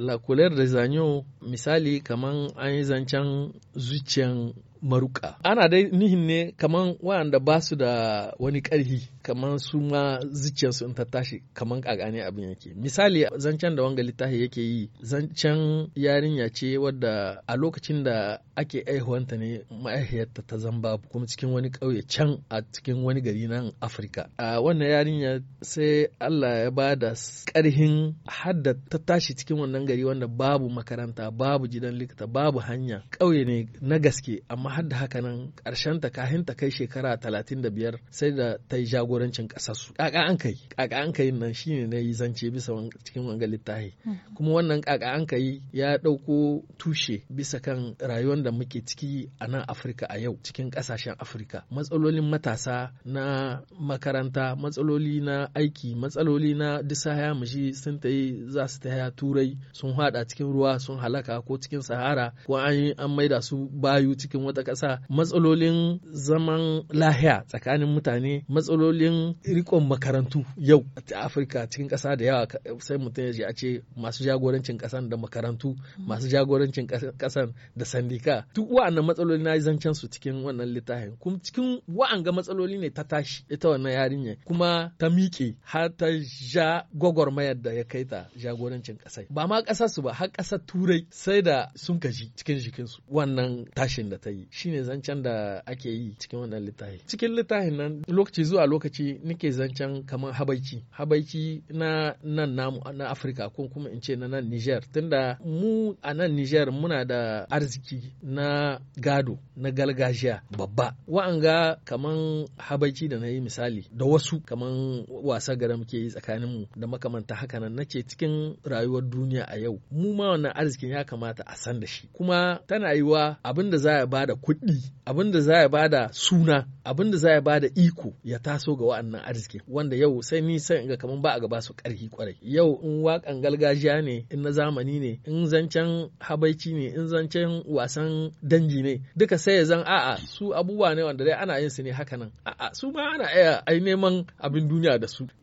La couleur des agneaux misali kaman an yi zancen zuciyan maruka ana dai nihin ne kaman waɗanda ba su da wani ƙarfi kaman su ma zuciyarsu in ta tashi kaman ƙagane abin yake misali zancen da wanga littafi yake yi zancen yarinya ce wadda a lokacin da ake aihuwanta ne ma'aihiyarta ta zamba kuma cikin wani ƙauye can a cikin wani gari nan afirka a wannan yarinya sai allah ya ba da ƙarhin hadda ta tashi cikin wannan gari wanda babu makaranta babu gidan likita babu hanya ƙauye ne na gaske amma har da haka nan ƙarshen ta kahin ta kai shekara talatin da biyar sai da ta yi jagorancin ƙasarsu ƙaƙa an kai ƙaƙa an kai nan shine na yi zance bisa cikin wanga littafi hmm. kuma wannan ƙaƙa an kai ya ɗauko tushe bisa kan rayuwar da muke ciki a nan Afirka a yau cikin ƙasashen Afirka matsalolin matasa na makaranta matsaloli na aiki matsaloli na disa ya mushi sun ta yi za su ta haya turai sun haɗa cikin ruwa sun halaka halaka ko cikin sahara ko an an maida su bayu cikin wata ƙasa matsalolin zaman lahiya tsakanin mutane matsalolin rikon makarantu yau a afirka cikin ƙasa da yawa sai mutum ya a ce masu jagorancin ƙasan da makarantu masu jagorancin ƙasan da sandika duk wa'annan matsaloli na zancen su cikin wannan littafin kuma cikin wa'anga matsaloli ne ta tashi ita wannan yarinya kuma ta miƙe har ta ja gwagwarmayar da ya kai ta jagorancin ƙasai ba ma ƙasar su ba har ƙasa turai sai da sun cikin jikinsu wannan tashin da ta yi shine zancen da ake yi cikin wannan littafi cikin littafin nan lokaci zuwa lokaci nake zancen kamar habaici habaici na nan namu na afirka ko kuma in ce na nan niger tunda mu a nan niger muna da arziki na gado na galgajiya babba wa'anga kaman habaiki da na yi misali da wasu kaman wasa gara muke yi tsakaninmu da makamanta haka nan ce cikin rayuwar duniya a yau mu ma wannan arzikin ya ya kamata a san da shi kuma tana yi wa abin da za ya da kuɗi abin da za ya da suna abin da za ya da iko ya taso ga wa'annan arziki wanda yau sai ni sai ga kaman ba a gaba su karhi kwarai yau in wakan gargajiya ne in na zamani ne in zancen habaici ne in zancen wasan danji ne duka sai ya zan a'a su abubuwa ne wanda dai ana yin su ne haka nan a'a su ma ana iya ai neman abin duniya da su